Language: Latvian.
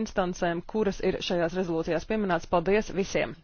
instancēm, kuras ir šajās rezolūcijās pieminētas. Paldies visiem!